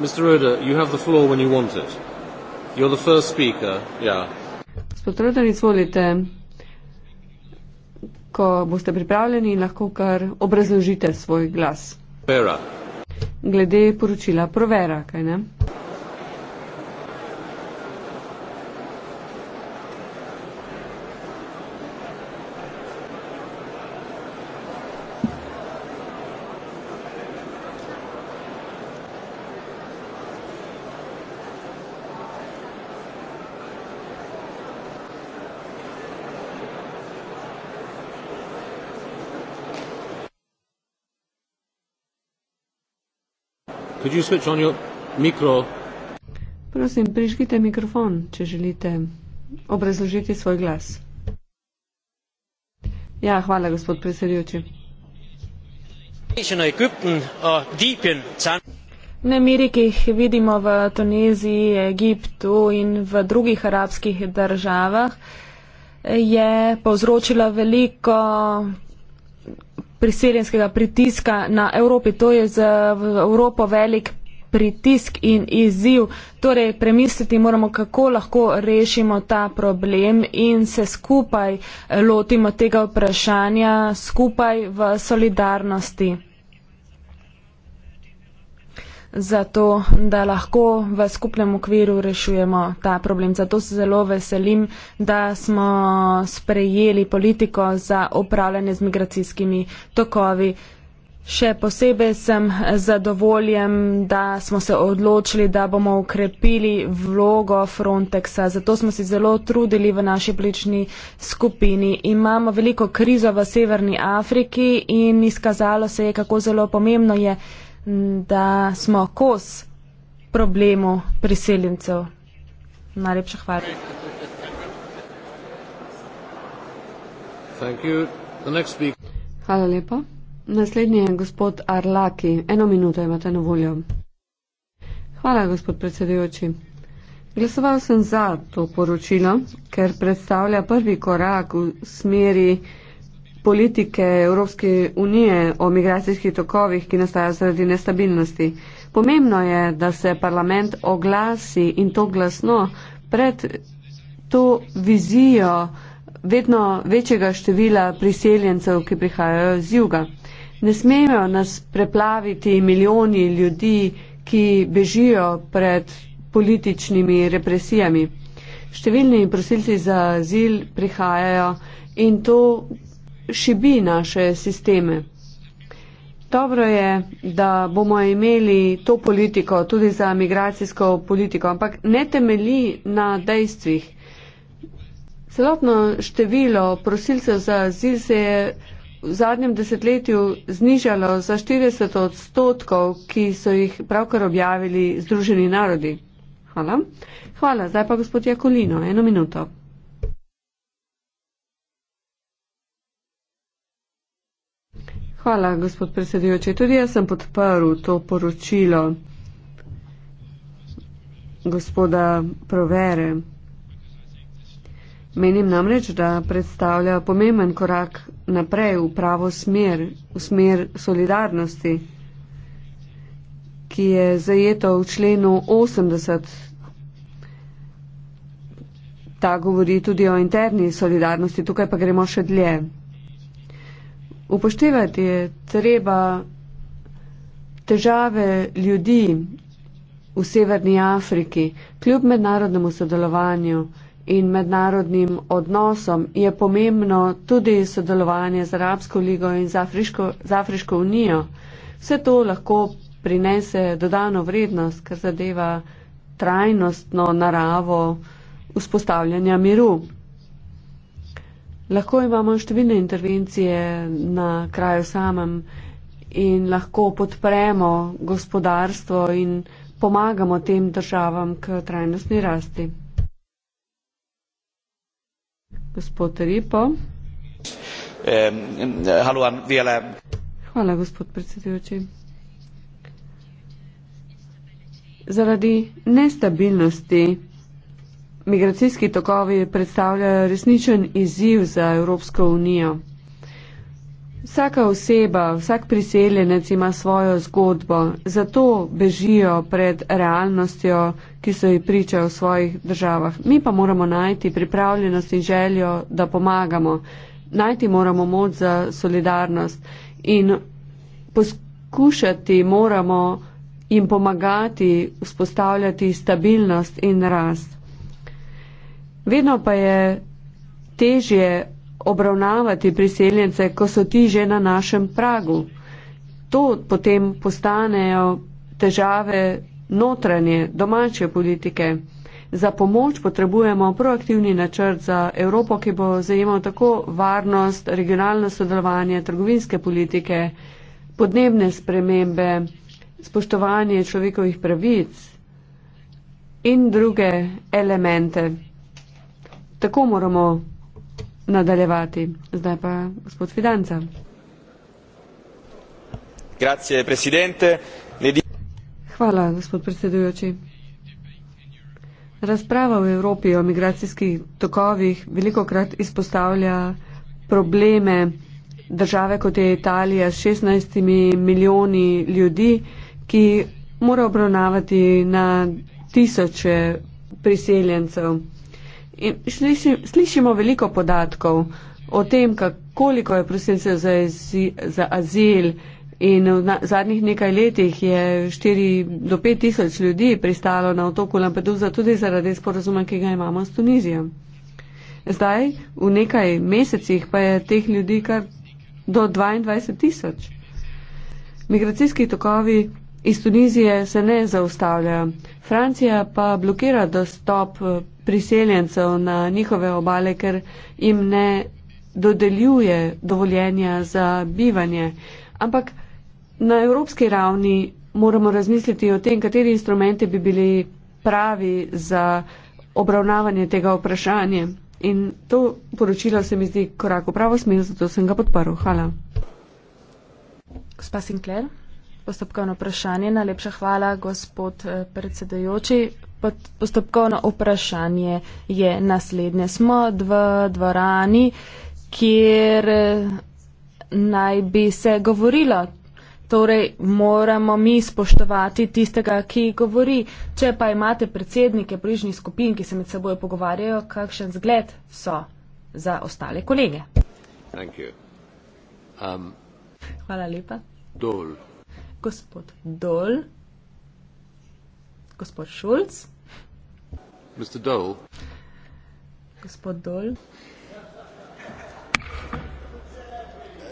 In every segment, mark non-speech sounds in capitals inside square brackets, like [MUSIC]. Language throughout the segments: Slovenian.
Mr. Roeder, you have the floor when you want it. You're the first speaker, yeah. Gospod Roeder, izvolite. Ko boste pripravljeni, lahko kar obrazložite svoj glas. Vera. Glede poročila Provera, kaj ne? you switch on your micro? Prosim, prižgite mikrofon, če želite obrazložiti svoj glas. Ja, hvala, gospod predsedujoči. Nemiri, ki jih vidimo v Tuniziji, Egiptu in v drugih arabskih državah, je povzročila veliko priseljenskega pritiska na Evropi. To je za Evropo velik pritisk in izziv. Torej, premisliti moramo, kako lahko rešimo ta problem in se skupaj lotimo tega vprašanja, skupaj v solidarnosti zato da lahko v skupnem okviru rešujemo ta problem. Zato se zelo veselim, da smo sprejeli politiko za upravljanje z migracijskimi tokovi. Še posebej sem zadovoljen, da smo se odločili, da bomo ukrepili vlogo Frontexa. Zato smo se zelo trudili v naši plični skupini. Imamo veliko krizo v Severni Afriki in izkazalo se je, kako zelo pomembno je da smo kos problemu priseljencev. Najlepša hvala. Hvala lepa. Naslednji je gospod Arlaki. Eno minuto imate na voljo. Hvala, gospod predsedujoči. Glasoval sem za to poročilo, ker predstavlja prvi korak v smeri politike Evropske unije o migracijskih tokovih, ki nastajajo zaradi nestabilnosti. Pomembno je, da se parlament oglasi in to glasno pred to vizijo vedno večjega števila priseljencev, ki prihajajo z juga. Ne smejo nas preplaviti milijoni ljudi, ki bežijo pred političnimi represijami. Številni prosilci za azil prihajajo in to šibi naše sisteme. Dobro je, da bomo imeli to politiko tudi za migracijsko politiko, ampak ne temeli na dejstvih. Celotno število prosilcev za azil se je v zadnjem desetletju znižalo za 40 odstotkov, ki so jih pravkar objavili Združeni narodi. Hvala. Hvala. Zdaj pa gospod Jakolino. Eno minuto. Hvala, gospod predsedujoči. Tudi jaz sem podprl to poročilo gospoda Provere. Menim namreč, da predstavlja pomemben korak naprej v pravo smer, v smer solidarnosti, ki je zajeto v členu 80. Ta govori tudi o interni solidarnosti, tukaj pa gremo še dlje upoštevati je treba težave ljudi v Severni Afriki. Kljub mednarodnemu sodelovanju in mednarodnim odnosom je pomembno tudi sodelovanje z Arabsko ligo in z Afriško, z Afriško unijo. Vse to lahko prinese dodano vrednost, kar zadeva trajnostno naravo vzpostavljanja miru. Lahko imamo številne intervencije na kraju samem in lahko podpremo gospodarstvo in pomagamo tem državam k trajnostni rasti. Gospod Ripo. Hvala, gospod predsedujoči. Zaradi nestabilnosti Migracijski tokovi predstavljajo resničen izziv za Evropsko unijo. Vsaka oseba, vsak priseljenec ima svojo zgodbo, zato bežijo pred realnostjo, ki so ji priča v svojih državah. Mi pa moramo najti pripravljenost in željo, da pomagamo. Najti moramo moč za solidarnost in poskušati moramo jim pomagati vzpostavljati stabilnost in rast. Vedno pa je težje obravnavati priseljence, ko so ti že na našem pragu. To potem postanejo težave notranje, domače politike. Za pomoč potrebujemo proaktivni načrt za Evropo, ki bo zajemal tako varnost, regionalno sodelovanje, trgovinske politike, podnebne spremembe, spoštovanje človekovih pravic in druge elemente tako moramo nadaljevati. Zdaj pa gospod Fidanca. Hvala, gospod predsedujoči. Razprava v Evropi o migracijskih tokovih veliko krat izpostavlja probleme države, kot je Italija, s 16 milijoni ljudi, ki morajo obravnavati na tisoče priseljencev. In slišim, slišimo veliko podatkov o tem, koliko je prosilcev za, za azil in v zadnjih nekaj letih je 4 do 5 tisoč ljudi pristalo na otoku Lampedusa tudi zaradi sporozuma, ki ga imamo s Tunizijo. Zdaj, v nekaj mesecih, pa je teh ljudi kar do 22 tisoč. Migracijski tokovi iz Tunizije se ne zaustavljajo. Francija pa blokira dostop priseljencev na njihove obale, ker jim ne dodeljuje dovoljenja za bivanje. Ampak na evropski ravni moramo razmisliti o tem, kateri instrumenti bi bili pravi za obravnavanje tega vprašanja. In to poročilo se mi zdi korak v pravo smer, zato sem ga podparil. Hvala. Gospa Sinclair postopkovno vprašanje. Najlepša hvala, gospod eh, predsedajoči. Postopkovno vprašanje je naslednje. Smo v dvorani, kjer eh, naj bi se govorilo. Torej, moramo mi spoštovati tistega, ki govori. Če pa imate predsednike bližnjih skupin, ki se med seboj pogovarjajo, kakšen zgled so za ostale kolege? Um, Hvala lepa. Dol gospod Dol, gospod Šulc. Mr. Dol. Gospod Dol.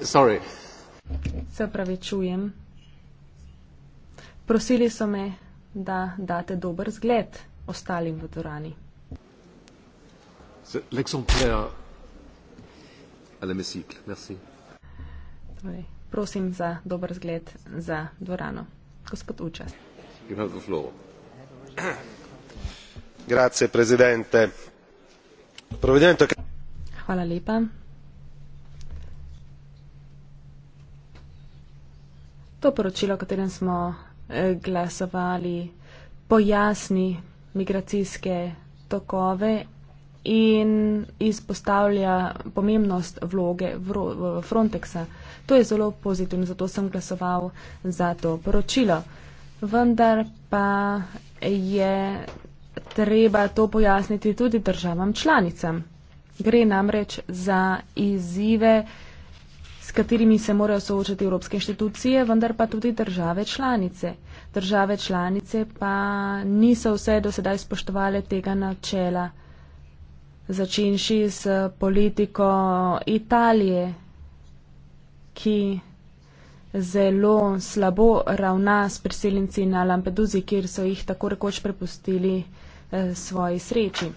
Sorry. Se pravi, čujem. Prosili so me, da date dober zgled ostalim v dvorani. L'exemplaire à l'hémicycle, merci. Oui. Torej, prosim za dober zgled za dvorano. Gospod Učas. Grazie, presidente. Provedente... Hvala lepa. To poročilo, o katerem smo eh, glasovali, pojasni migracijske tokove in izpostavlja pomembnost vloge Frontexa. To je zelo pozitivno, zato sem glasoval za to poročilo. Vendar pa je treba to pojasniti tudi državam članicam. Gre namreč za izzive, s katerimi se morajo soočati evropske inštitucije, vendar pa tudi države članice. Države članice pa niso vse do sedaj spoštovale tega načela začenši s politiko Italije, ki zelo slabo ravna s priseljenci na Lampeduzi, kjer so jih tako rekoč prepustili eh, svoji sreči.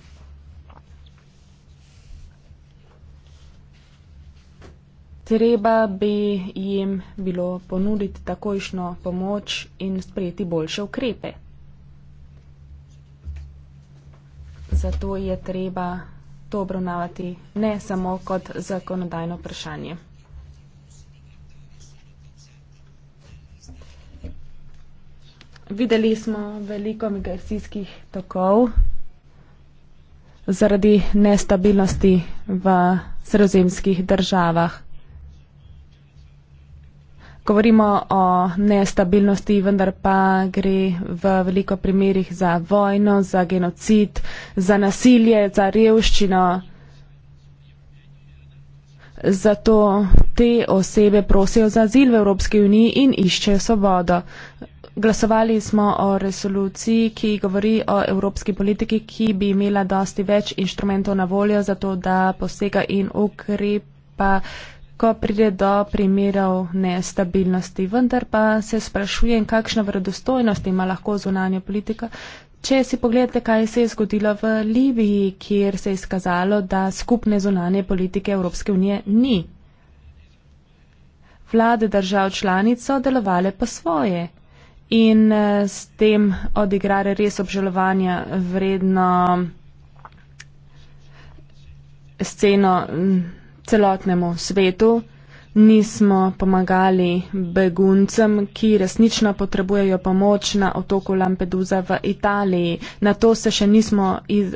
Treba bi jim bilo ponuditi takojšno pomoč in sprejeti boljše ukrepe. Zato je treba to obravnavati ne samo kot zakonodajno vprašanje. Videli smo veliko migracijskih tokov zaradi nestabilnosti v sredozemskih državah. Govorimo o nestabilnosti, vendar pa gre v veliko primerjih za vojno, za genocid, za nasilje, za revščino. Zato te osebe prosijo za azil v Evropski uniji in iščejo svobodo. Glasovali smo o resoluciji, ki govori o evropski politiki, ki bi imela dosti več inštrumentov na voljo, zato da posega in ukrepa lahko pride do primerov nestabilnosti. Vendar pa se sprašujem, kakšna vredostojnost ima lahko zunanja politika. Če si pogledate, kaj se je zgodilo v Libiji, kjer se je skazalo, da skupne zunanje politike Evropske unije ni. Vlade držav članic so delovale po svoje in eh, s tem odigrale res obžalovanja vredno sceno celotnemu svetu, nismo pomagali beguncem, ki resnično potrebujejo pomoč na otoku Lampedusa v Italiji. Na to se še nismo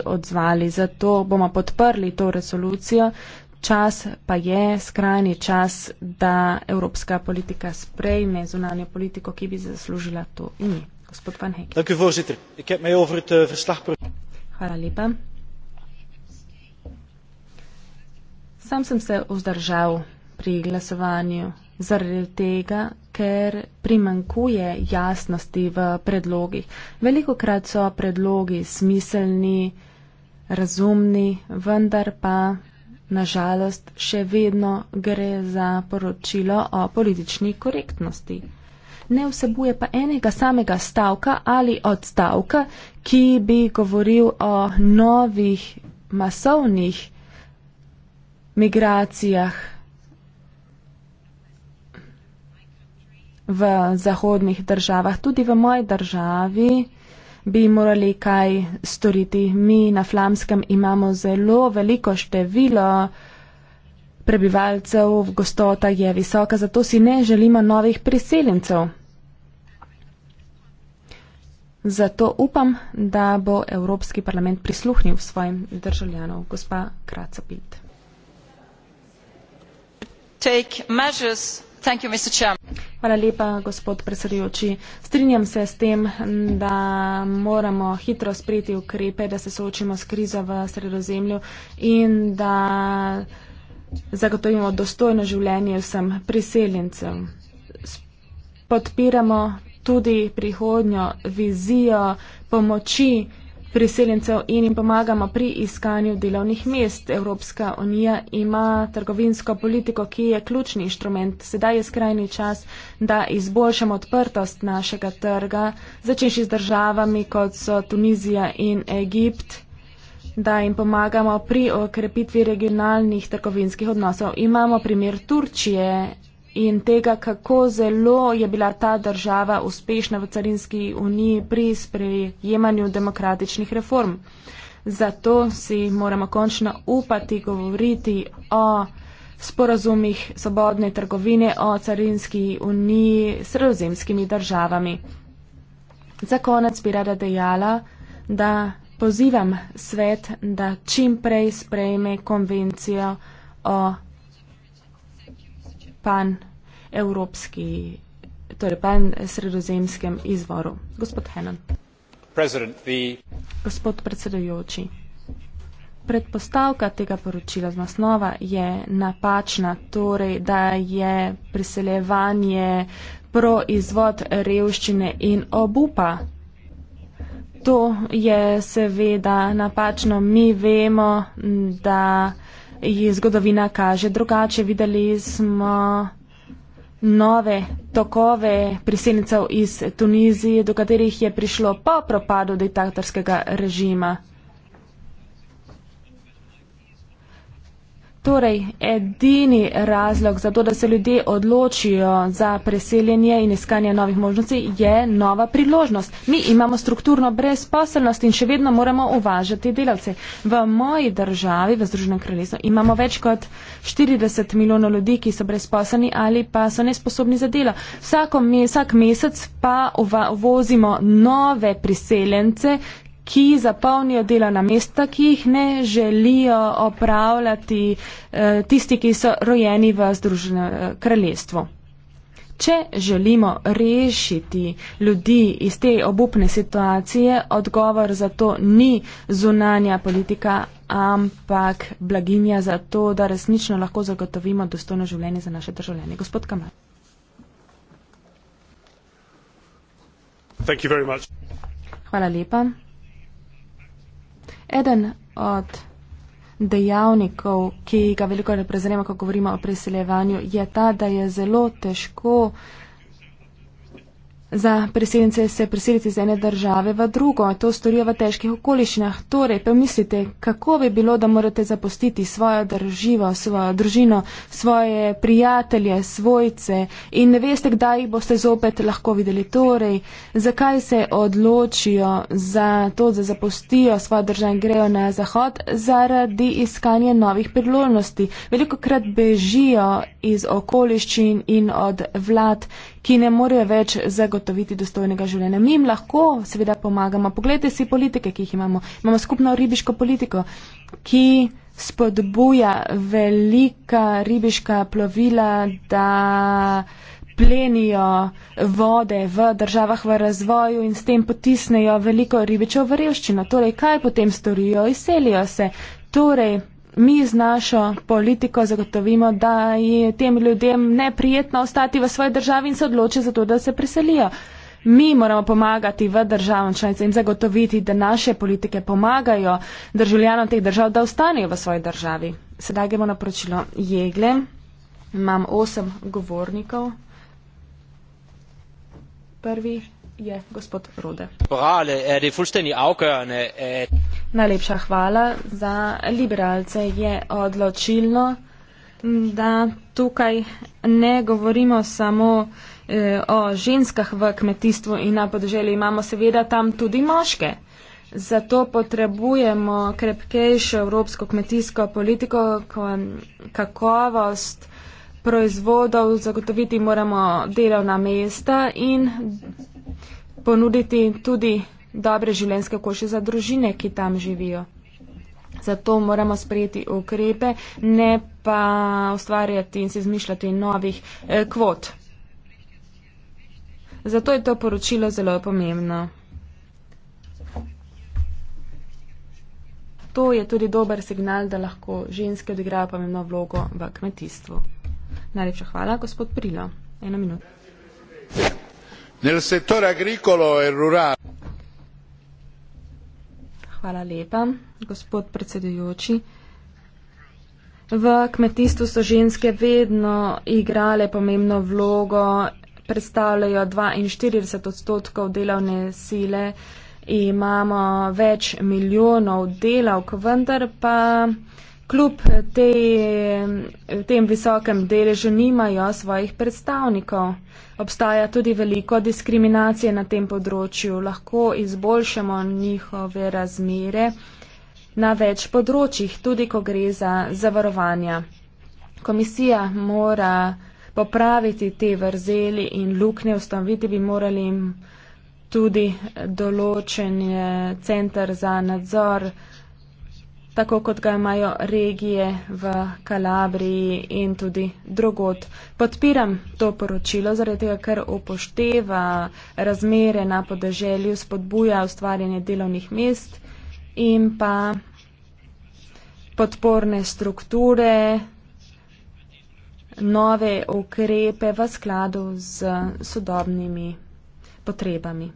odzvali, zato bomo podprli to resolucijo. Čas pa je, skrajni čas, da evropska politika sprejme zunanjo politiko, ki bi zaslužila to ime. Gospod Van Hek. Eh, Hvala lepa. Sam sem se vzdržal pri glasovanju zaradi tega, ker primankuje jasnosti v predlogih. Veliko krat so predlogi smiselni, razumni, vendar pa nažalost še vedno gre za poročilo o politični korektnosti. Ne vsebuje pa enega samega stavka ali odstavka, ki bi govoril o novih masovnih migracijah v zahodnih državah. Tudi v moji državi bi morali kaj storiti. Mi na Flamskem imamo zelo veliko število prebivalcev, gostota je visoka, zato si ne želimo novih priseljencev. Zato upam, da bo Evropski parlament prisluhnil svojim državljanov, gospa Kracapit. Strinjam se s tem, da moramo hitro sprejeti ukrepe, da se soočimo s krizo v sredozemlju in da zagotovimo dostojno življenje vsem priseljencem. Podpiramo tudi prihodnjo vizijo pomoči priseljencev in jim pomagamo pri iskanju delovnih mest. Evropska unija ima trgovinsko politiko, ki je ključni inštrument. Sedaj je skrajni čas, da izboljšamo odprtost našega trga, začenši z državami, kot so Tunizija in Egipt da jim pomagamo pri okrepitvi regionalnih trgovinskih odnosov. Imamo primer Turčije, in tega, kako zelo je bila ta država uspešna v carinski uniji pri sprejemanju demokratičnih reform. Zato si moramo končno upati govoriti o sporazumih svobodne trgovine, o carinski uniji s sredozemskimi državami. Za konec bi rada dejala, da pozivam svet, da čim prej sprejme konvencijo o pan evropski, torej pan sredozemskem izvoru. Gospod Henan. The... Gospod predsedujoči. Predpostavka tega poročila z naslova je napačna, torej da je priseljevanje proizvod revščine in obupa. To je seveda napačno. Mi vemo, da jih zgodovina kaže drugače. Videli smo nove tokove priseljencev iz Tunizije, do katerih je prišlo po propadu diktatorskega režima. torej edini razlog za to, da se ljudje odločijo za preseljenje in iskanje novih možnosti, je nova priložnost. Mi imamo strukturno brezposelnost in še vedno moramo uvažati delavce. V moji državi, v Združenem kraljestvu, imamo več kot 40 milijonov ljudi, ki so brezposelni ali pa so nesposobni za delo. Vsako, vsak mesec pa uva, uvozimo nove priseljence, ki zapolnijo delovna mesta, ki jih ne želijo opravljati eh, tisti, ki so rojeni v Združenem eh, kraljestvu. Če želimo rešiti ljudi iz te obupne situacije, odgovor za to ni zunanja politika, ampak blaginja za to, da resnično lahko zagotovimo dostojno življenje za naše državljane. Gospod Kamal. Hvala lepa. Eden od dejavnikov, ki ga veliko reprezentiramo, ko govorimo o priseljevanju, je ta, da je zelo težko uh, Za preseljence se preseliti z ene države v drugo, to storijo v težkih okoliščinah. Torej, pomislite, kako bi bilo, da morate zapustiti svojo drživo, svojo družino, svoje prijatelje, svojce in ne veste, kdaj jih boste zopet lahko videli. Torej, zakaj se odločijo za to, da zapustijo svojo državo in grejo na zahod? Zaradi iskanja novih priložnosti. Veliko krat bežijo iz okoliščin in od vlad ki ne morejo več zagotoviti dostojnega življenja. Mi jim lahko seveda pomagamo. Poglejte si politike, ki jih imamo. Imamo skupno ribiško politiko, ki spodbuja velika ribiška plovila, da plenijo vode v državah v razvoju in s tem potisnejo veliko ribičev v revščino. Torej, kaj potem storijo? Izselijo se. Torej, mi z našo politiko zagotovimo, da je tem ljudem neprijetno ostati v svoji državi in se odloči za to, da se priselijo. Mi moramo pomagati v državam članice in zagotoviti, da naše politike pomagajo državljanom teh držav, da ostanejo v svoji državi. Sedaj gremo na poročilo Jegle. Imam osem govornikov. Prvi je gospod Rode. Morale, eh, Najlepša hvala. Za liberalce je odločilno, da tukaj ne govorimo samo eh, o ženskah v kmetijstvu in na podeželju. Imamo seveda tam tudi moške. Zato potrebujemo krepkejšo evropsko kmetijsko politiko, kakovost proizvodov, zagotoviti moramo delovna mesta in ponuditi tudi dobre življenjske koše za družine, ki tam živijo. Zato moramo sprejeti ukrepe, ne pa ustvarjati in se izmišljati novih eh, kvot. Zato je to poročilo zelo pomembno. To je tudi dober signal, da lahko ženske odigrajo pomembno vlogo v kmetijstvu. Najlepša hvala, gospod Prilo. Eno minuto. Hvala lepa, gospod predsedujoči. V kmetijstvu so ženske vedno igrale pomembno vlogo, predstavljajo 42 odstotkov delovne sile, imamo več milijonov delavk, vendar pa kljub eh, te, eh, tem visokem deležu nimajo svojih predstavnikov. Obstaja tudi veliko diskriminacije na tem področju. Lahko izboljšamo njihove razmere na več področjih, tudi ko gre za zavarovanja. Komisija mora popraviti te vrzeli in lukne ustanoviti bi morali tudi določen eh, center za nadzor tako kot ga imajo regije v Kalabriji in tudi drugot. Podpiram to poročilo, zaradi tega, ker upošteva razmere na podeželju, spodbuja ustvarjanje delovnih mest in pa podporne strukture, nove ukrepe v skladu z sodobnimi potrebami.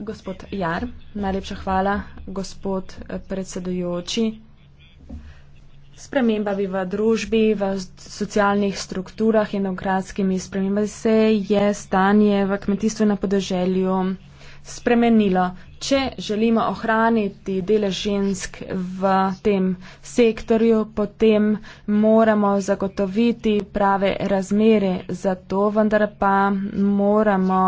Gospod Jar, najlepša hvala, gospod eh, predsedujoči. Spremembami v družbi, v socialnih strukturah in demokratskimi spremembami se je stanje v kmetijstvu na podeželju spremenilo. Če želimo ohraniti delež žensk v tem sektorju, potem moramo zagotoviti prave razmere za to, vendar pa moramo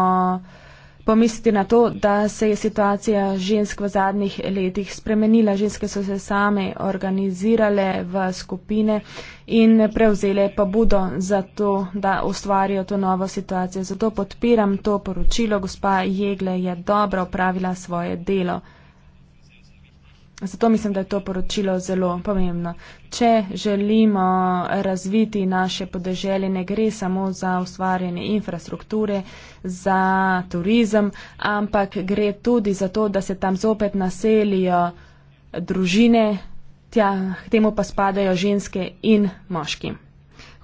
pomisliti na to, da se je situacija žensk v zadnjih letih spremenila. Ženske so se same organizirale v skupine in prevzele pobudo za to, da ustvarijo to novo situacijo. Zato podpiram to poročilo. Gospa Jegle je dobro upravila svoje delo. Zato mislim, da je to poročilo zelo pomembno. Če želimo razviti naše podeželje, ne gre samo za ustvarjanje infrastrukture, za turizem, ampak gre tudi za to, da se tam zopet naselijo družine, tja, k temu pa spadajo ženske in moški.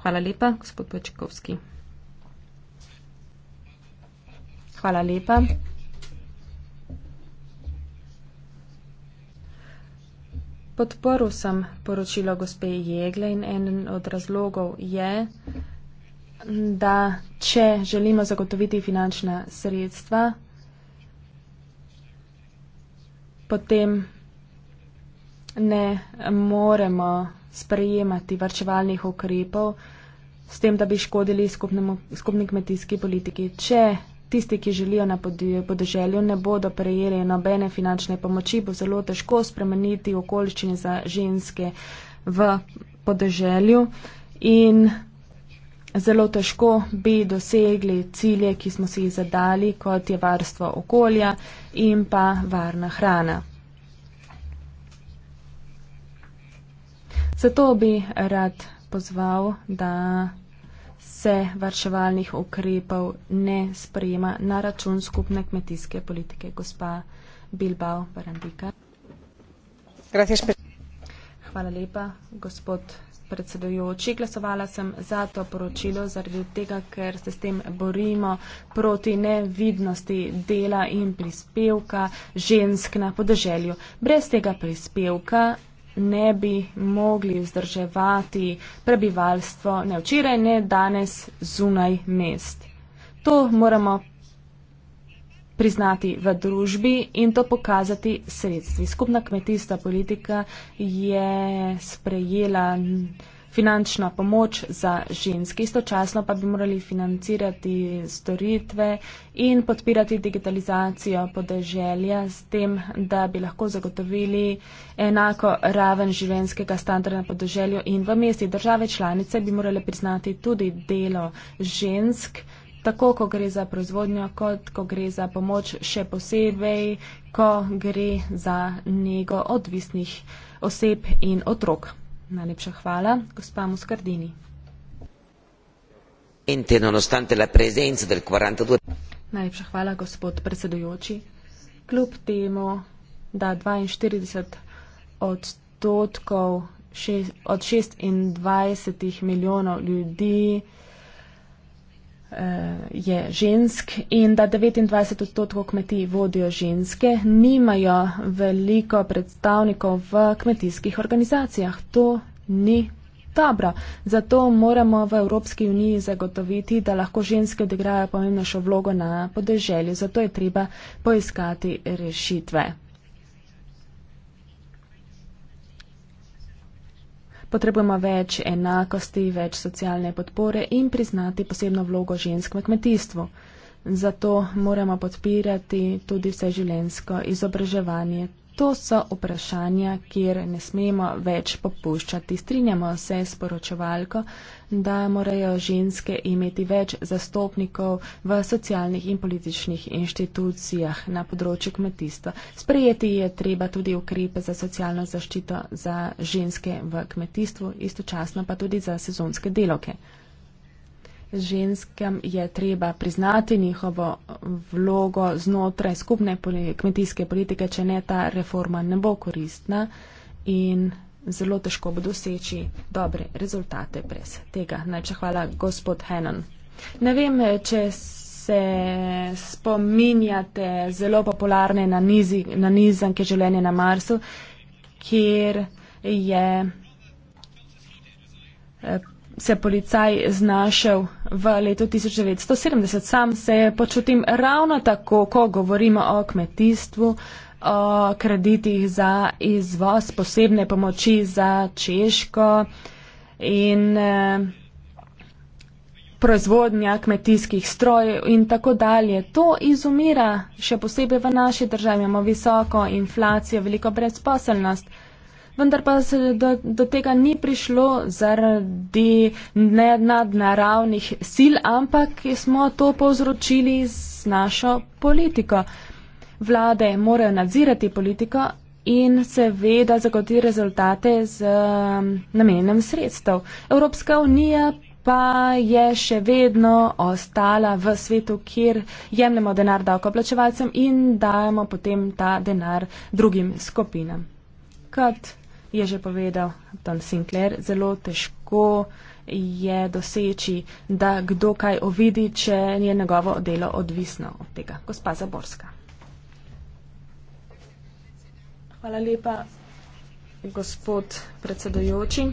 Hvala lepa, gospod Počkovski. Hvala lepa. podporil sem poročilo gospe Jegle in en od razlogov je, da če želimo zagotoviti finančna sredstva, potem ne moremo sprejemati varčevalnih ukrepov s tem, da bi škodili skupnemu, skupni kmetijski politiki. Če Tisti, ki želijo na podeželju, ne bodo prejeli nobene finančne pomoči, bo zelo težko spremeniti okoliščine za ženske v podeželju in zelo težko bi dosegli cilje, ki smo si jih zadali, kot je varstvo okolja in pa varna hrana. Zato bi rad pozval, da se varčevalnih ukrepov ne sprejema na račun skupne kmetijske politike. Gospa Bilbao Barandika. Hvala lepa, gospod predsedujoči. Glasovala sem za to poročilo zaradi tega, ker se s tem borimo proti nevidnosti dela in prispevka žensk na podeželju. Brez tega prispevka ne bi mogli vzdrževati prebivalstvo ne včeraj, ne danes zunaj mest. To moramo priznati v družbi in to pokazati sredstvi. Skupna kmetijska politika je sprejela finančno pomoč za ženske, istočasno pa bi morali financirati storitve in podpirati digitalizacijo podeželja s tem, da bi lahko zagotovili enako raven življenskega standarda na podeželju in v mesti države članice bi morali priznati tudi delo žensk, tako ko gre za proizvodnjo, kot ko gre za pomoč še posebej, ko gre za nego odvisnih oseb in otrok. Najlepša hvala. Gospa Muscardini. Najlepša hvala, gospod predsedujoči. Kljub temu, da 42 odstotkov od 26 milijonov ljudi. Eh, je žensk in da 29 odstotkov kmetij vodijo ženske, nimajo veliko predstavnikov v kmetijskih organizacijah. To ni dobro. Zato moramo v Evropski uniji zagotoviti, da lahko ženske odigrajo pomembnejšo vlogo na podeželju. Zato je treba poiskati rešitve. Potrebujemo več enakosti, več socialne podpore in priznati posebno vlogo žensk v kmetijstvu. Zato moramo podpirati tudi vseživljensko izobraževanje To so vprašanja, kjer ne smemo več popuščati. Strinjamo se s poročevalko, da morajo ženske imeti več zastopnikov v socialnih in političnih inštitucijah na področju kmetijstva. Sprejeti je treba tudi ukrepe za socialno zaščito za ženske v kmetijstvu, istočasno pa tudi za sezonske delovke ženskem je treba priznati njihovo vlogo znotraj skupne kmetijske politike, če ne ta reforma ne bo koristna in zelo težko bo doseči dobre rezultate brez tega. Najče hvala, gospod Henan. Ne vem, če se spominjate zelo popularne nanizanke življenje na Marsu, kjer je eh, se policaj znašel v letu 1970. Sam se počutim ravno tako, ko govorimo o kmetijstvu, o kreditih za izvoz posebne pomoči za Češko in eh, proizvodnja kmetijskih strojev in tako dalje. To izumira, še posebej v naši državi imamo visoko inflacijo, veliko brezposelnost vendar pa se do, do tega ni prišlo zaradi nadnaravnih sil, ampak smo to povzročili z našo politiko. Vlade morajo nadzirati politiko in seveda zagotoviti rezultate z um, namenjenjem sredstev. Evropska unija pa je še vedno ostala v svetu, kjer jemljemo denar davkoplačevalcem in dajemo potem ta denar drugim skupinam. Kot je že povedal Don Sinclair, zelo težko je doseči, da kdo kaj ovidi, če je njegovo delo odvisno od tega. Gospa Zaborska. Hvala lepa, gospod predsedojoči.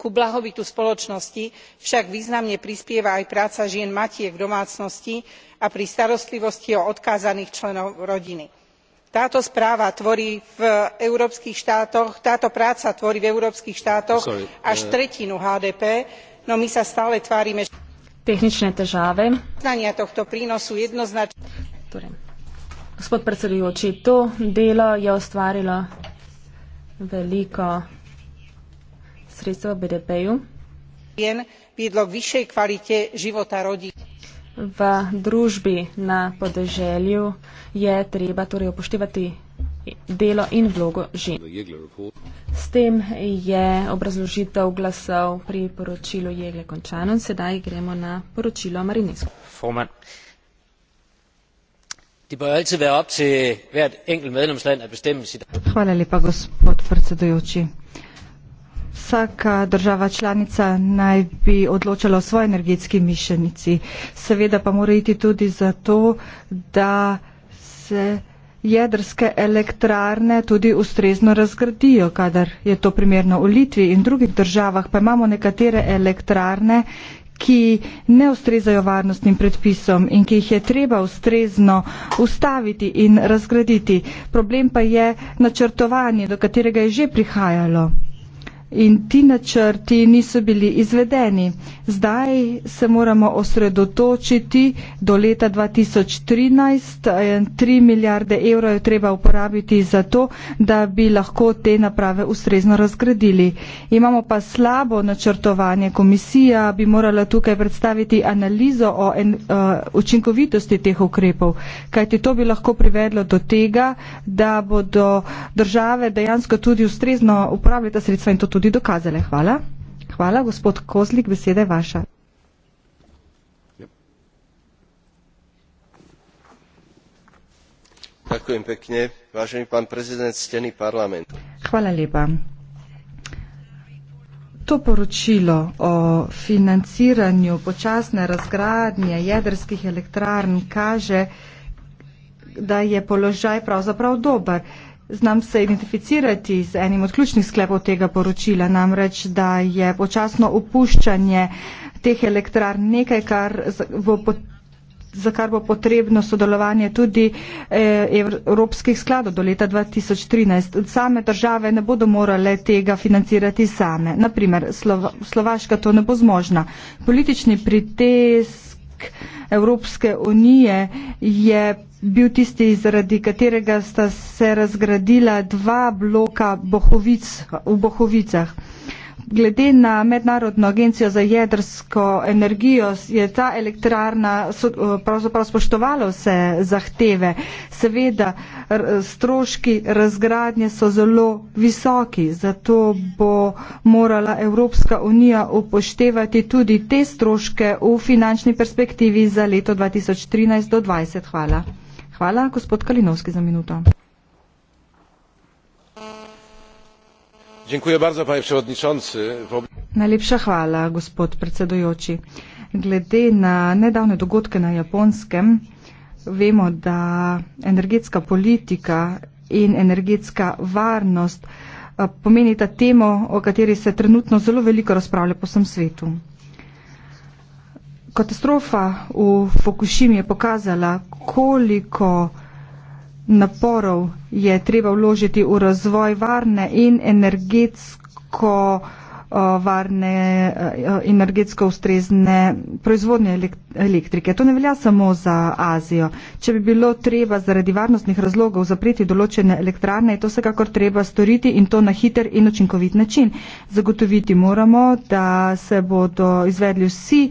ku blahobytu spoločnosti však významne prispieva aj práca žien matiek v domácnosti a pri starostlivosti o odkázaných členov rodiny. táto správa tvorí v európskych štátoch táto práca tvorí v európskych štátoch až eh. tretinu hdp no my sa stále tvárime že Technické težave. Znania tohto prínosu jednoznačne. Torej. Gospod predsedujoči, to delo je ustvarilo veliko sredstva BDP ju. Viedlo k višej kvalite života rodín. V družbi na podeželju je treba torej upoštevati delo in vlogo žen. S tem je obrazložitev glasov pri poročilu Jegle končano in sedaj gremo na poročilo Marinesko. Forman. Hvala lepa, gospod predsedujoči. Vsaka država članica naj bi odločala o svoji energetski mišljenici. Seveda pa mora iti tudi za to, da se jedrske elektrarne tudi ustrezno razgradijo, kadar je to primerno v Litvi in drugih državah, pa imamo nekatere elektrarne, ki ne ustrezajo varnostnim predpisom in ki jih je treba ustrezno ustaviti in razgraditi. Problem pa je načrtovanje, do katerega je že prihajalo in ti načrti niso bili izvedeni. Zdaj se moramo osredotočiti do leta 2013. 3 milijarde evrov je treba uporabiti za to, da bi lahko te naprave ustrezno razgradili. Imamo pa slabo načrtovanje. Komisija bi morala tukaj predstaviti analizo o en, uh, učinkovitosti teh ukrepov, kajti to bi lahko privedlo do tega, da bodo države dejansko tudi ustrezno upravljati sredstva in to tudi tudi dokazale. Hvala. Hvala, gospod Kozlik, beseda je vaša. Ďakujem pekne, vážený pán prezident, stený parlament. Hvala lepa. To poročilo o financiranju počasne razgradnje jedrskih elektrarn kaže, da je položaj pravzaprav dober. Znam se identificirati z enim od ključnih sklepov tega poročila, namreč, da je počasno opuščanje teh elektrarn nekaj, kar v za kar bo potrebno sodelovanje tudi eh, evropskih skladov do leta 2013. Same države ne bodo morale tega financirati same. Naprimer, Slovaška to ne bo zmožna. Politični pritesk Evropske unije je bil tisti, zaradi katerega sta se razgradila dva bloka Bohovic, v Bohovicah. Glede na Mednarodno agencijo za jedrsko energijo je ta elektrarna eh, pravzaprav spoštovala vse zahteve. Seveda stroški razgradnje so zelo visoki, zato bo morala Evropska unija upoštevati tudi te stroške v finančni perspektivi za leto 2013-2020. Hvala. Hvala, gospod Kalinovski, za minuto. Dziękuję bardzo, panie przewodniczący. Najlepša hvala, gospod predsedujoči. Glede na nedavne dogodke na Japonskem, vemo, da energetska politika in energetska varnost eh, pomenita temo, o kateri se trenutno zelo veliko razpravlja po vsem svetu katastrofa v Fukushimi je pokazala, koliko naporov je treba vložiti v razvoj varne in energetsko Eh, varne, eh, energetsko ustrezne proizvodnje elektrike. To ne velja samo za Azijo. Če bi bilo treba zaradi varnostnih razlogov zapreti določene elektrarne, je to vsekakor treba storiti in to na hiter in očinkovit način. Zagotoviti moramo, da se bodo izvedli vsi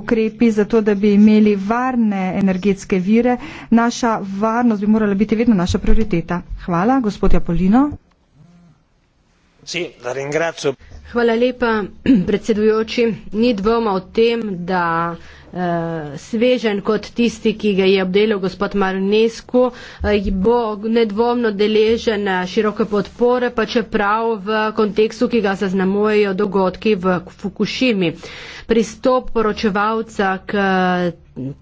ukrepi za to, da bi imeli varne energetske vire. Naša varnost bi morala biti vedno naša prioriteta. Hvala, gospod Apolino. Hvala lepa, [CLEARS THROAT] predsedujoči. Ni dvoma o tem, da eh, svežen kot tisti, ki ga je obdelal gospod Marnesku, eh, bo nedvomno deležen eh, široke podpore, pa čeprav v kontekstu, ki ga zaznamujejo dogodki v Fukushimi. Pristop poročevalca k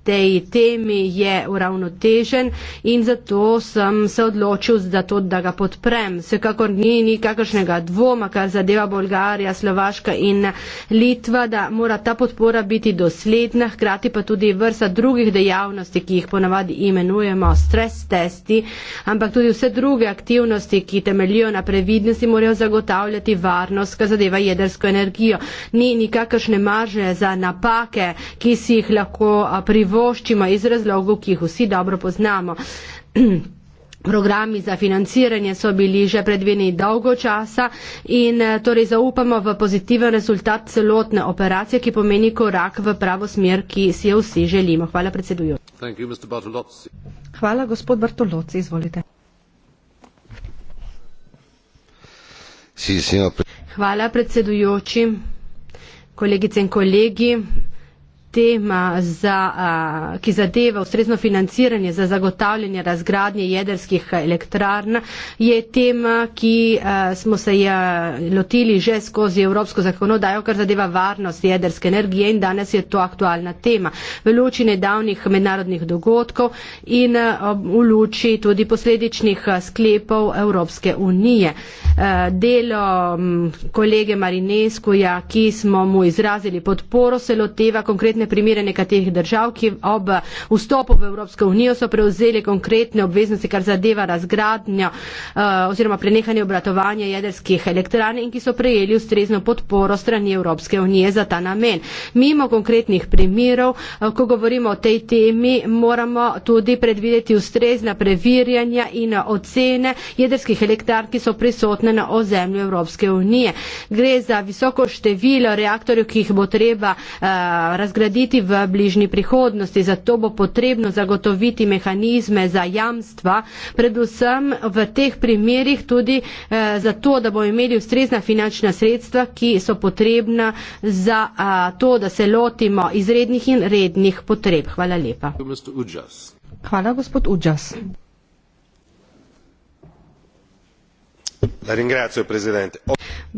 tej temi je uravnotežen in zato sem se odločil za to, da ga podprem. Vsekakor ni nikakršnega dvoma, kar zadeva Bolgarija, Slovaška in Litva, da mora ta podpora biti dosledna, hkrati pa tudi vrsta drugih dejavnosti, ki jih ponavadi imenujemo stres testi, ampak tudi vse druge aktivnosti, ki temeljijo na previdnosti, morajo zagotavljati varnost, kar zadeva jedrsko energijo. Ni nikakršne marže za napake, ki si jih lahko privoščimo iz razlogov, ki jih vsi dobro poznamo. [CLEARS THROAT] Programi za financiranje so bili že predvideni dolgo časa in eh, torej zaupamo v pozitiven rezultat celotne operacije, ki pomeni korak v pravo smer, ki si jo vsi želimo. Hvala, predsedujoč. Hvala, gospod Bartoloci. Izvolite. Hvala, predsedujoči, kolegice in kolegi tema, za, ki zadeva ustrezno financiranje za zagotavljanje razgradnje jedrskih elektrarn, je tema, ki smo se je ja, lotili že skozi Evropsko zakonodajo, kar zadeva varnost jedrske energije in danes je to aktualna tema. V luči nedavnih mednarodnih dogodkov in v luči tudi posledičnih sklepov Evropske unije. Delo kolege Marineskuja, ki smo mu izrazili podporo, se loteva konkretne konkretne primere nekaterih držav, ki ob vstopu v Evropsko unijo so prevzeli konkretne obveznosti, kar zadeva razgradnja eh, oziroma prenehanje obratovanja jedrskih elektrane in ki so prejeli ustrezno podporo strani Evropske unije za ta namen. Mimo konkretnih primerov, eh, ko govorimo o tej temi, moramo tudi predvideti ustrezna preverjanja in ocene jedrskih elektrar, ki so prisotne na ozemlju Evropske unije. Gre za visoko število reaktorjev, ki jih bo treba uh, razgraditi slediti v bližnji prihodnosti, zato bo potrebno zagotoviti mehanizme za jamstva, predvsem v teh primerjih tudi eh, zato, da bomo imeli ustrezna finančna sredstva, ki so potrebna za eh, to, da se lotimo izrednih in rednih potreb. Hvala lepa. Hvala, gospod Uđas. La ringrazio, presidente. O-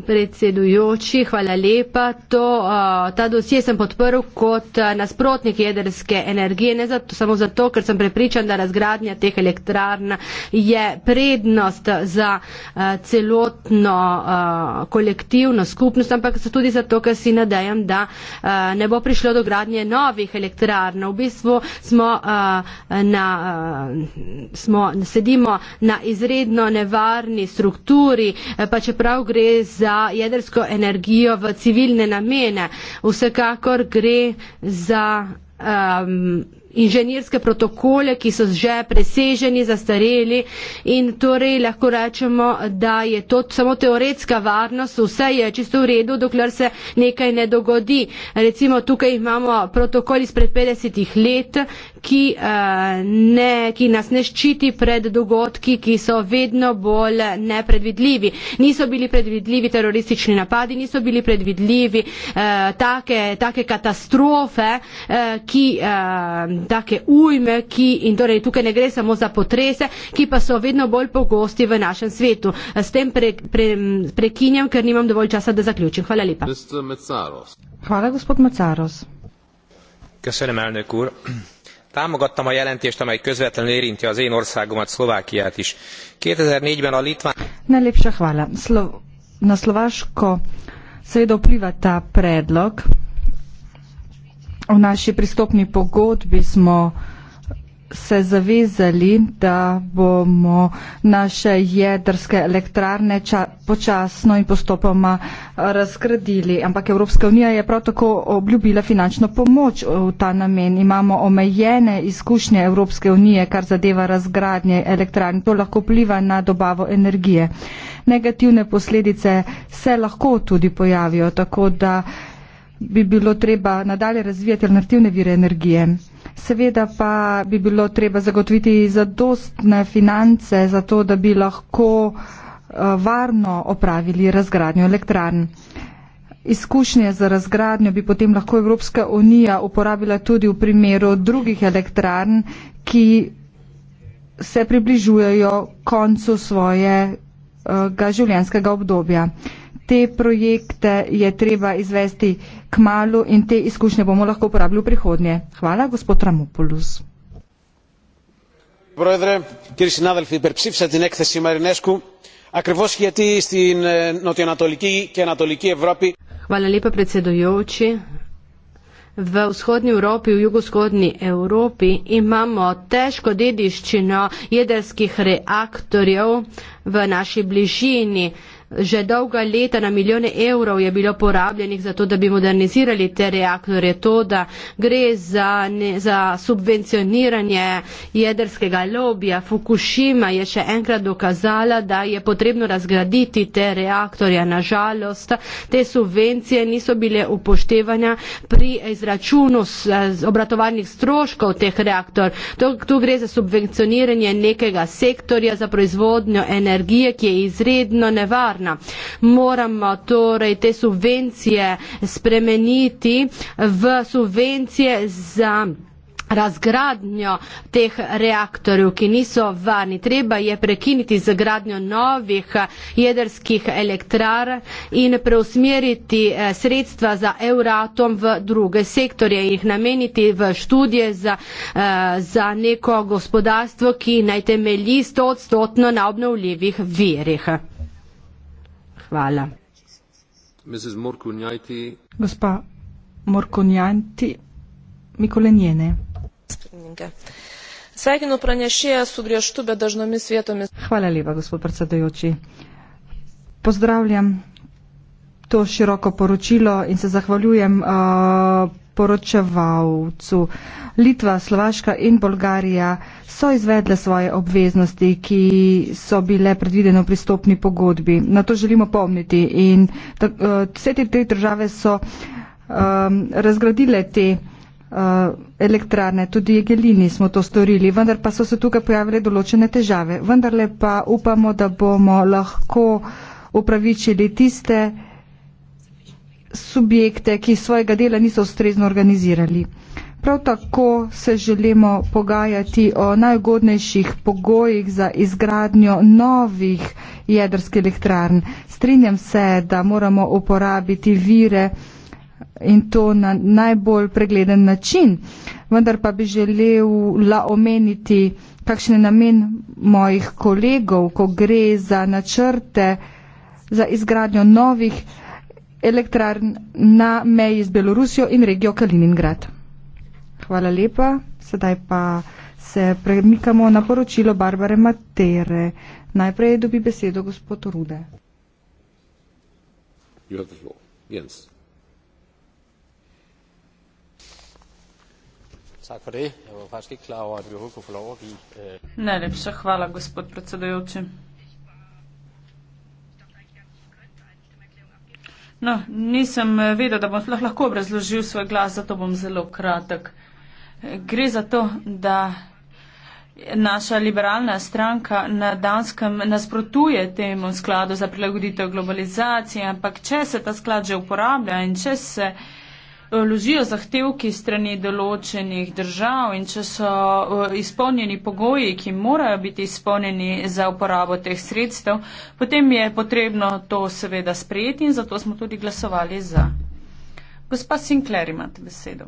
predsedujoči, hvala lepa. To, uh, ta dosje sem podprl kot uh, nasprotnik jedrske energije, ne zato, samo zato, ker sem prepričan, da razgradnja teh elektrarn je prednost za uh, celotno uh, kolektivno skupnost, ampak tudi zato, ker si nadejam, da uh, ne bo prišlo do gradnje novih elektrarn. V bistvu smo, uh, na, uh, smo sedimo na izredno nevarni strukturi, uh, pa čeprav gre za za jedrsko energijo v civilne namene. Vsekakor gre za. Um, inženirske protokole, ki so že preseženi, zastareli in torej lahko rečemo, da je to samo teoretska varnost, vse je čisto v redu, dokler se nekaj ne dogodi. Recimo tukaj imamo protokol izpred 50 let, ki, uh, ne, ki nas ne ščiti pred dogodki, ki so vedno bolj nepredvidljivi. Niso bili predvidljivi teroristični napadi, niso bili predvidljivi uh, take, take katastrofe, uh, ki uh, take ujme, ki in torej tukaj ne gre samo za potrese, ki pa so vedno bolj pogosti v našem svetu. S tem pre, pre, prekinjam, ker nimam dovolj časa, da zaključim. Hvala lepa. Hvala, gospod Macaros. Köszönöm, elnök úr! Támogattam a jelentést, amely közvetlenül érinti az én országomat, Szlovákiát is. 2004-ben a Litván... Najlepša hvala. Slo... Na Slovásko seveda vpliva ta predlog, V naši pristopni pogodbi smo se zavezali, da bomo naše jedrske elektrarne počasno in postopoma eh, razgradili. Ampak Evropska unija je prav tako obljubila finančno pomoč eh, v ta namen. Imamo omejene izkušnje Evropske unije, kar zadeva razgradnje elektrarn. To lahko pliva na dobavo energije. Negativne posledice se lahko tudi pojavijo, tako da bi bilo treba nadalje razvijati alternativne vire energije. Seveda pa bi bilo treba zagotoviti zadostne finance za to, da bi lahko eh, varno opravili razgradnjo elektrarn. Izkušnje za razgradnjo bi potem lahko Evropska unija uporabila tudi v primeru drugih elektrarn, ki se približujejo koncu svojega eh, življenjskega obdobja te projekte je treba izvesti k malu in te izkušnje bomo lahko uporabili v prihodnje. Hvala, gospod Ramopoulos. Πρόεδρε, κύριοι συνάδελφοι, υπερψήφισα την έκθεση Μαρινέσκου ακριβώς γιατί στην νοτιοανατολική και ανατολική Ευρώπη... Βάλα λίπα πρετσεδοιότσι. Βα ουσχόδνη Ευρώπη, ο γιουγουσχόδνη Ευρώπη, είμαμε τέσκο δίδυσκοινο ιεδεσκοιχ ρεάκτοριο βα νάση μπλυζίνη. Že dolga leta na milijone evrov je bilo porabljenih za to, da bi modernizirali te reaktorje. To, da gre za, ne, za subvencioniranje jedrskega lobija Fukushima, je še enkrat dokazala, da je potrebno razgraditi te reaktorje. Nažalost, te subvencije niso bile upoštevanja pri izračunu obratovalnih stroškov teh reaktor. To, tu gre za subvencioniranje nekega sektorja za proizvodnjo energije, ki je izredno nevarna varna. Moramo torej te subvencije spremeniti v subvencije za razgradnjo teh reaktorjev, ki niso varni. Treba je prekiniti z gradnjo novih jedrskih elektrar in preusmeriti eh, sredstva za Euratom v druge sektorje in jih nameniti v študije za, eh, za neko gospodarstvo, ki naj temelji 100 odstotno na obnovljivih virih. Hvala. Gospa Morkunjanti, Mikolenjene. Hvala lepa, gospod predsedajoči. Pozdravljam to široko poročilo in se zahvaljujem uh, poročevalcu. Litva, Slovaška in Bolgarija so izvedle svoje obveznosti, ki so bile predvidene v pristopni pogodbi. Na to želimo pomniti. In eh, vse te tri države so um, razgradile te eh, elektrarne, tudi Egelini smo to storili, vendar pa so se tukaj pojavile določene težave. Vendar le pa upamo, da bomo lahko upravičili tiste subjekte, ki svojega dela niso ustrezno organizirali. Prav tako se želimo pogajati o najugodnejših pogojih za izgradnjo novih jedrskih elektrarn. Strinjam se, da moramo uporabiti vire in to na najbolj pregleden način, vendar pa bi želela omeniti, kakšen je namen mojih kolegov, ko gre za načrte za izgradnjo novih elektrarn elektrarn na meji z Belorusijo in regijo Kaliningrad. Hvala lepa. Sedaj pa se premikamo na poročilo Barbare Matere. Najprej dobi besedo gospod Rude. Øh, Najlepša hvala, gospod predsedujoči. No, nisem eh, vedel, da bom lahko obrazložil svoj glas, zato bom zelo kratek. Gre za to, da naša liberalna stranka na Danskem nasprotuje temu skladu za prilagoditev globalizacije, ampak če se ta sklad že uporablja in če se vložijo zahtevki strani določenih držav in če so eh, izpolnjeni pogoji, ki morajo biti izpolnjeni za uporabo teh sredstev, potem je potrebno to seveda sprejeti in zato smo tudi glasovali za. Gospa Sinclair, imate besedo.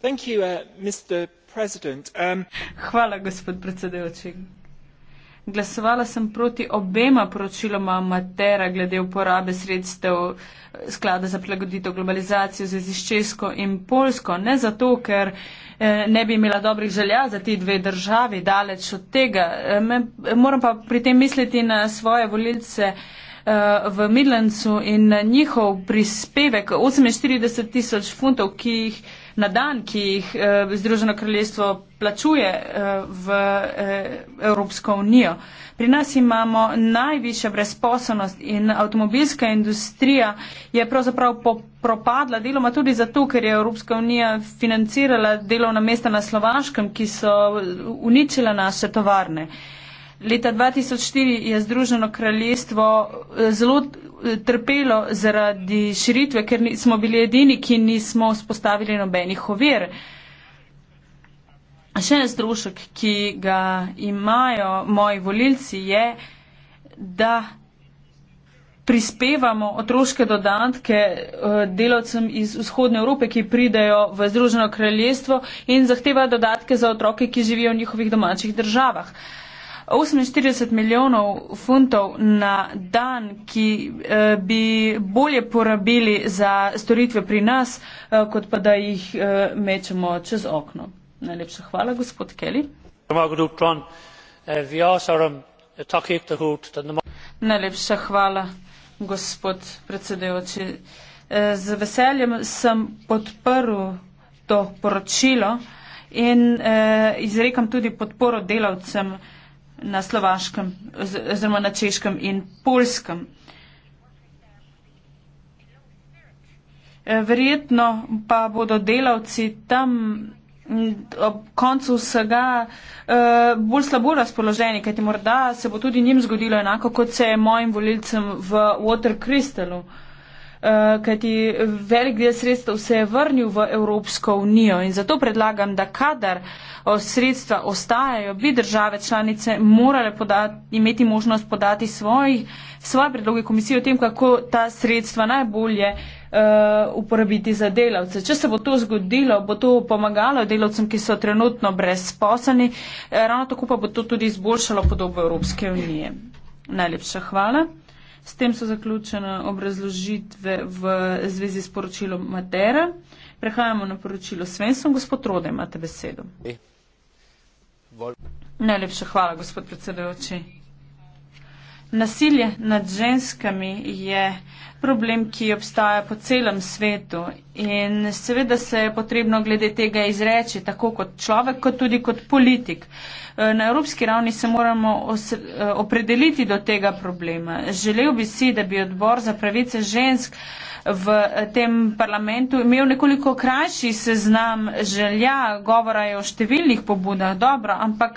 Thank you, uh, um, Hvala, gospod predsedujoči. Glasovala sem proti obema poročiloma Matera glede uporabe sredstev eh, sklada za prilagoditev globalizacijo z Češko in Polsko. Ne zato, ker eh, ne bi imela dobrih želja za ti dve državi, daleč od tega. Eh, moram pa pri tem misliti na svoje volilce v Midlandsu in na njihov prispevek 48 tisoč funtov, ki jih na dan, ki jih eh, Združeno kraljestvo plačuje eh, v eh, Evropsko unijo. Pri nas imamo najvišja brezposobnost in avtomobilska industrija je pravzaprav propadla deloma tudi zato, ker je Evropska unija financirala delovna mesta na Slovaškem, ki so uničila naše tovarne. Eh, Leta 2004 je Združeno kraljestvo eh, zelo eh, trpelo zaradi širitve, ker smo bili edini, ki nismo spostavili nobenih ovir. Še en strošek, ki ga imajo moji volilci, je, da prispevamo otroške dodatke eh, delavcem iz vzhodne Evrope, ki pridejo v Združeno kraljestvo in zahtevajo dodatke za otroke, ki živijo v njihovih domačih državah. 48 milijonov funtov na dan, ki eh, bi bolje porabili za storitve pri nas, eh, kot pa da jih eh, mečemo čez okno. Najlepša hvala, gospod Kelly. Najlepša hvala, gospod predsedujoči. Z veseljem sem podprl to poročilo in izrekam tudi podporo delavcem na slovaškem oziroma na češkem in polskem. Verjetno pa bodo delavci tam ob koncu vsega eh, bolj slabo razpoloženi, kajti morda se bo tudi njim zgodilo enako, kot se je mojim volilcem v Water Crystalu. Eh, kajti velik del sredstev se je vrnil v Evropsko unijo in zato predlagam, da kadar eh, sredstva ostajajo, bi države članice morale podati, imeti možnost podati svojih, svoje predloge komisije o tem, kako ta sredstva najbolje eh, uporabiti za delavce. Če se bo to zgodilo, bo to pomagalo delavcem, ki so trenutno brezposelni, ravno tako pa bo to tudi izboljšalo podobo Evropske unije. Najlepša hvala. S tem so zaključene obrazložitve v zvezi s poročilom Matera. Prehajamo na poročilo Svensom. Gospod Rode, imate besedo. E, Najlepša hvala, gospod predsedujoči. Nasilje nad ženskami je problem, ki obstaja po celem svetu In seveda se je potrebno glede tega izreči, tako kot človek, kot tudi kot politik. E, na evropski ravni se moramo e, opredeliti do tega problema. Želel bi si, da bi odbor za pravice žensk v tem parlamentu imel nekoliko krajši seznam želja, govora je o številnih pobudah, dobro, ampak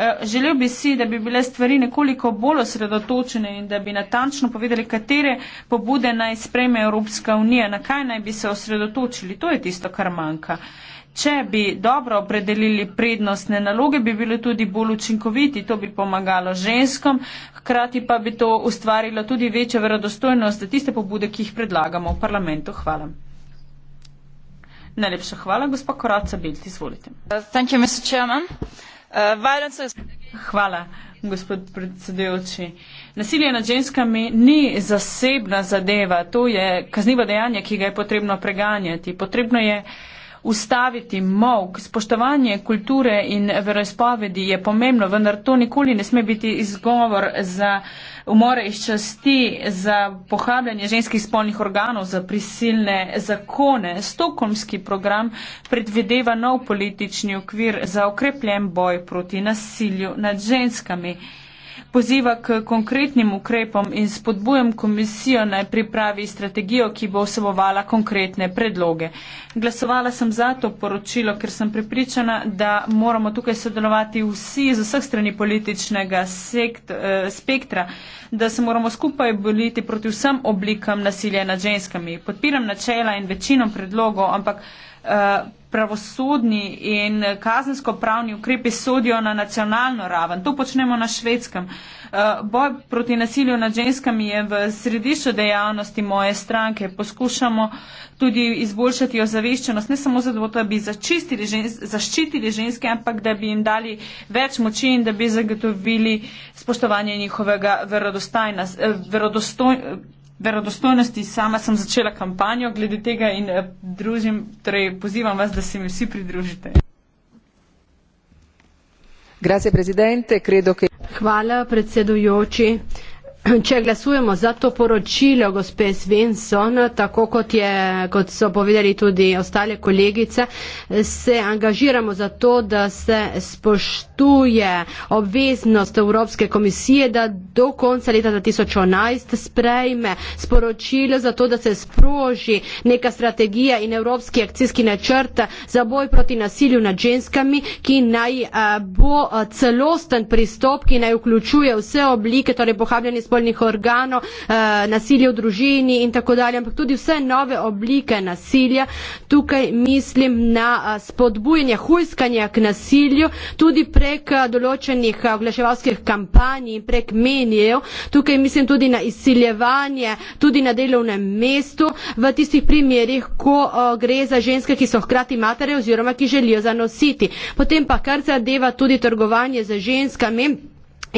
e, želel bi si, da bi bile stvari nekoliko bolj osredotočene in da bi natančno povedali, katere pobude naj sprejme Evropska unija, na kaj naj bi se osredotočili osredotočili. To je tisto, kar manjka. Če bi dobro opredelili prednostne naloge, bi bili tudi bolj učinkoviti, to bi pomagalo ženskom, hkrati pa bi to ustvarilo tudi večjo verodostojnost za tiste pobude, ki jih predlagamo v parlamentu. Hvala. Najlepša hvala, gospod Koraca Bilt, izvolite. Uh, hvala gospod predsedujoči. Nasilje nad ženskami ni zasebna zadeva, to je kaznivo dejanje, ki ga je potrebno preganjati. Potrebno je ustaviti mok. Spoštovanje kulture in veroizpovedi je pomembno, vendar to nikoli ne sme biti izgovor za umore iz časti, za pohabljanje ženskih spolnih organov, za prisilne zakone. Stokholmski program predvideva nov politični okvir za okrepljen boj proti nasilju nad ženskami poziva k konkretnim ukrepom in spodbujam komisijo naj pripravi strategijo, ki bo vsebovala konkretne predloge. Glasovala sem za to poročilo, ker sem pripričana, da moramo tukaj sodelovati vsi z vseh strani političnega sekt, eh, spektra, da se moramo skupaj boriti proti vsem oblikam nasilja nad ženskami. Podpiram načela in večino predlogov, ampak eh, pravosodni in kazensko-pravni ukrepi sodijo na nacionalno raven. To počnemo na švedskem. Eh, boj proti nasilju nad ženskami je v središču dejavnosti moje stranke. Poskušamo tudi izboljšati ozaveščenost, ne samo zato, da bi žens zaščitili ženske, ampak da bi jim dali več moči in da bi zagotovili spoštovanje njihovega eh, verodostojnosti verodostojnosti. Sama sem začela kampanjo glede tega in eh, družim, torej pozivam vas, da se mi vsi pridružite. Grazie, Hvala predsedujoči. Če glasujemo za to poročilo gospe Svensson, tako kot, je, kot so povedali tudi ostale kolegice, se angažiramo za to, da se spoštuje obveznost Evropske komisije, da do konca leta 2011 sprejme sporočilo za to, da se sproži neka strategija in Evropski akcijski načrt za boj proti nasilju nad ženskami, ki naj eh, bo eh, celosten pristop, ki naj vključuje vse oblike, torej pohabljeni spoštovanje, spolnih organov, eh, nasilje v družini in tako dalje, ampak tudi vse nove oblike nasilja. Tukaj mislim na eh, spodbujanje, hujskanje k nasilju, tudi prek eh, določenih oglaševalskih kampanj in prek menijev. Tukaj mislim tudi na izsiljevanje, tudi na delovnem mestu, v tistih primerjih, ko gre za ženske, ki so hkrati matere oziroma ki želijo zanositi. Potem pa kar zadeva tudi trgovanje z ženskami.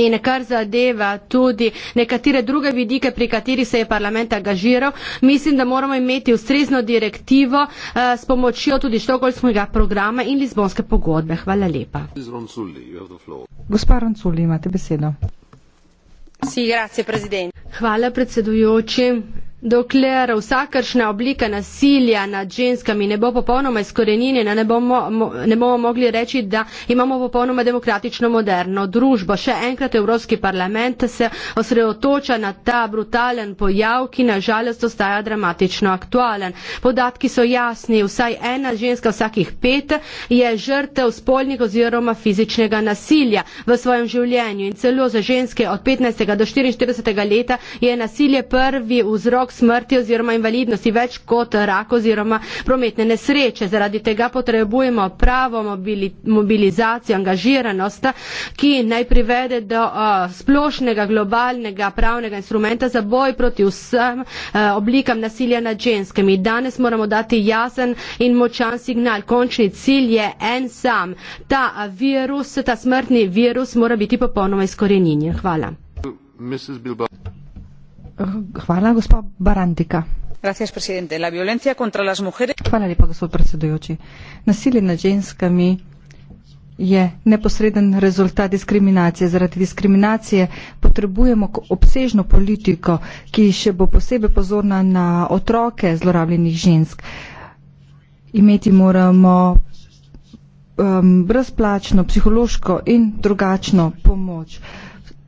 In kar zadeva tudi nekatere druge vidike, pri katerih se je parlament angažiral, mislim, da moramo imeti ustrezno direktivo eh, s pomočjo tudi štokolskega programa in Lizbonske pogodbe. Hvala lepa. Gospa Ronculli, imate besedo. Si, grazie, Hvala predsedujočim. Dokler vsakršna oblika nasilja nad ženskami ne bo popolnoma izkorenjena, ne, mo, ne bomo mogli reči, da imamo popolnoma demokratično moderno družbo. Še enkrat Evropski parlament se osredotoča na ta brutalen pojav, ki nažalost ostaja dramatično aktualen. Podatki so jasni, vsaj ena ženska vsakih pet je žrtev spolnih oziroma fizičnega nasilja v svojem življenju in celo za ženske od 15. do 44. leta je nasilje prvi vzrok vzrok smrti oziroma invalidnosti več kot rak oziroma prometne nesreče. Zaradi tega potrebujemo pravo mobili, mobilizacijo, angažiranost, ki naj privede do uh, splošnega globalnega pravnega instrumenta za boj proti vsem uh, oblikam nasilja nad ženskami. Danes moramo dati jasen in močan signal. Končni cilj je en sam. Ta virus, ta smrtni virus mora biti popolnoma izkorenjen. Hvala. Mrs. Bilbao gospa predsednica nasilje nad ženskami je neposreden rezultat diskriminacije. Zaradi diskriminacije potrebujemo obsežno politiko, ki še bo posebej pozorna na otroke zlorabljenih žensk. Imeti moramo um, brezplačno, psihološko in drugačno pomoč. Uh,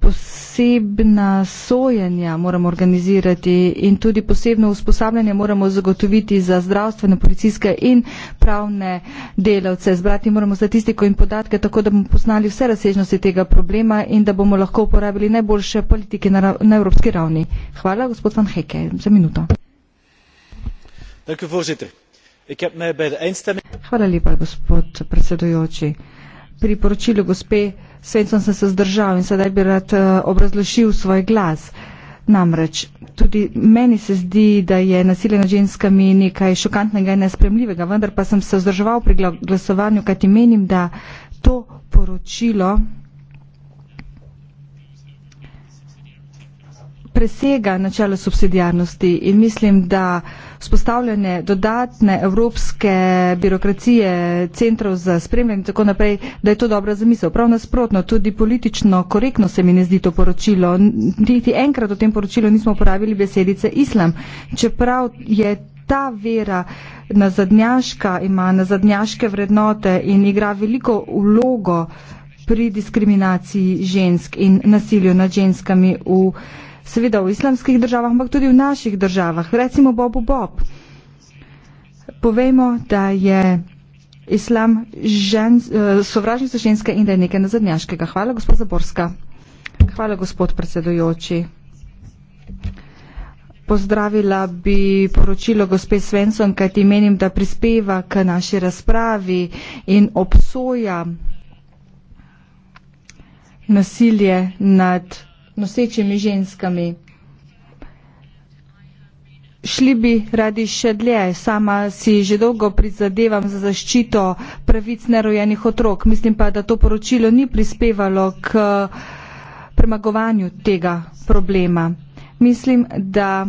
posebna sojenja moramo organizirati in tudi posebno usposabljanje moramo zagotoviti za zdravstvene, policijske in pravne delavce. Zbrati moramo statistiko in podatke tako, da bomo poznali vse razsežnosti tega problema in da bomo lahko uporabili najboljše politike na, na evropski ravni. Hvala, gospod Van Heke, za minuto. Hvala lepa, gospod predsedujoči pri poročilu gospe Svencom sem se zdržal in sedaj bi rad uh, obrazložil svoj glas. Namreč, tudi meni se zdi, da je nasilje nad ženskami nekaj šokantnega in nespremljivega, vendar pa sem se vzdrževal pri glasovanju, kajti menim, da to poročilo presega načelo subsidijarnosti in mislim, da spostavljanje dodatne evropske birokracije, centrov za spremljanje in tako naprej, da je to dobra zamisel. Prav nasprotno, tudi politično korektno se mi ne zdi to poročilo. Niti enkrat v tem poročilu nismo uporabili besedice islam, čeprav je ta vera nazadnjaška, ima nazadnjaške vrednote in igra veliko vlogo pri diskriminaciji žensk in nasilju nad ženskami v seveda v islamskih državah, ampak tudi v naših državah. Recimo Bobu Bob. Povejmo, da je islam žen, eh, sovražnica ženske in da je nekaj nazadnjaškega. Hvala, gospod Zaborska. Hvala, gospod predsedujoči. Pozdravila bi poročilo gospe Svensson, kaj ti menim, da prispeva k naši razpravi in obsoja nasilje nad nosečimi ženskami. Šli bi radi še dlje, sama si že dolgo prizadevam za zaščito pravic nerojenih otrok. Mislim pa, da to poročilo ni prispevalo k eh, premagovanju tega problema. Mislim, da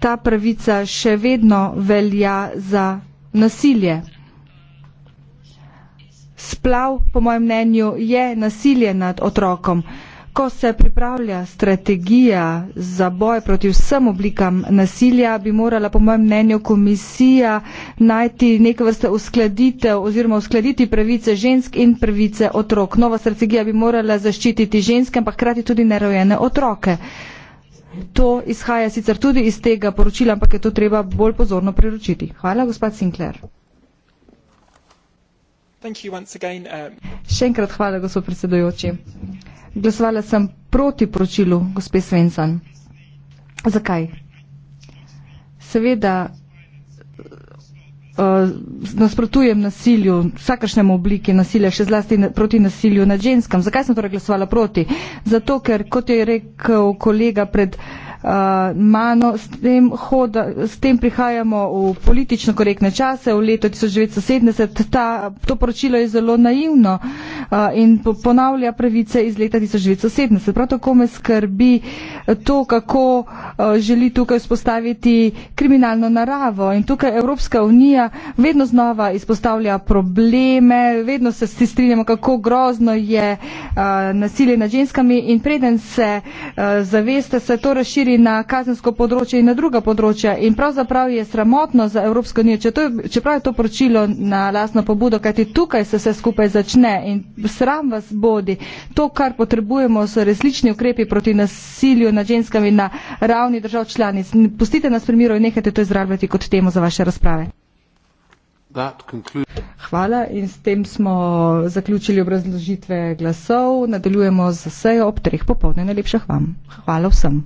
ta pravica še vedno velja za nasilje splav po mojem mnenju je nasilje nad otrokom. Ko se pripravlja strategija za boj proti vsem oblikam nasilja, bi morala po mojem mnenju komisija najti neke vrste uskladitev oziroma uskladiti pravice žensk in pravice otrok. Nova strategija bi morala zaščititi ženske, ampak krati tudi nerojene otroke. To izhaja sicer tudi iz tega poročila, ampak je to treba bolj pozorno preročiti. Hvala, gospod Sinclair. Um, še enkrat hvala, gospod predsedujoči. Glasovala sem proti poročilu gospe Svensan. Zakaj? Seveda eh, nasprotujem nasilju, vsakršnemu obliki nasilja, še zlasti proti nasilju nad ženskam. Zakaj sem torej glasovala proti? Zato, ker, kot je rekel kolega pred uh, mano, s tem, hoda, s tem prihajamo v politično korektne čase, v leto 1970. Ta, to poročilo je zelo naivno uh, in ponavlja pravice iz leta 1970. Prav tako me skrbi to, kako uh, želi tukaj vzpostaviti kriminalno naravo. In tukaj Evropska unija vedno znova izpostavlja probleme, vedno se strinjamo, kako grozno je uh, nasilje nad ženskami in preden se uh, zaveste, se to razširi širi na kazensko področje in na druga področja. In pravzaprav je sramotno za Evropsko unijo, čeprav je to poročilo na lasno pobudo, kajti tukaj se vse skupaj začne in sram vas bodi. To, kar potrebujemo, so resnični ukrepi proti nasilju nad ženskami na ravni držav članic. Pustite nas primiro in nehajte to izrabljati kot temo za vaše razprave. Hvala in s tem smo zaključili obrazložitve glasov. Nadaljujemo z sejo ob treh popovdne. Najlepša hvala. Hvala vsem.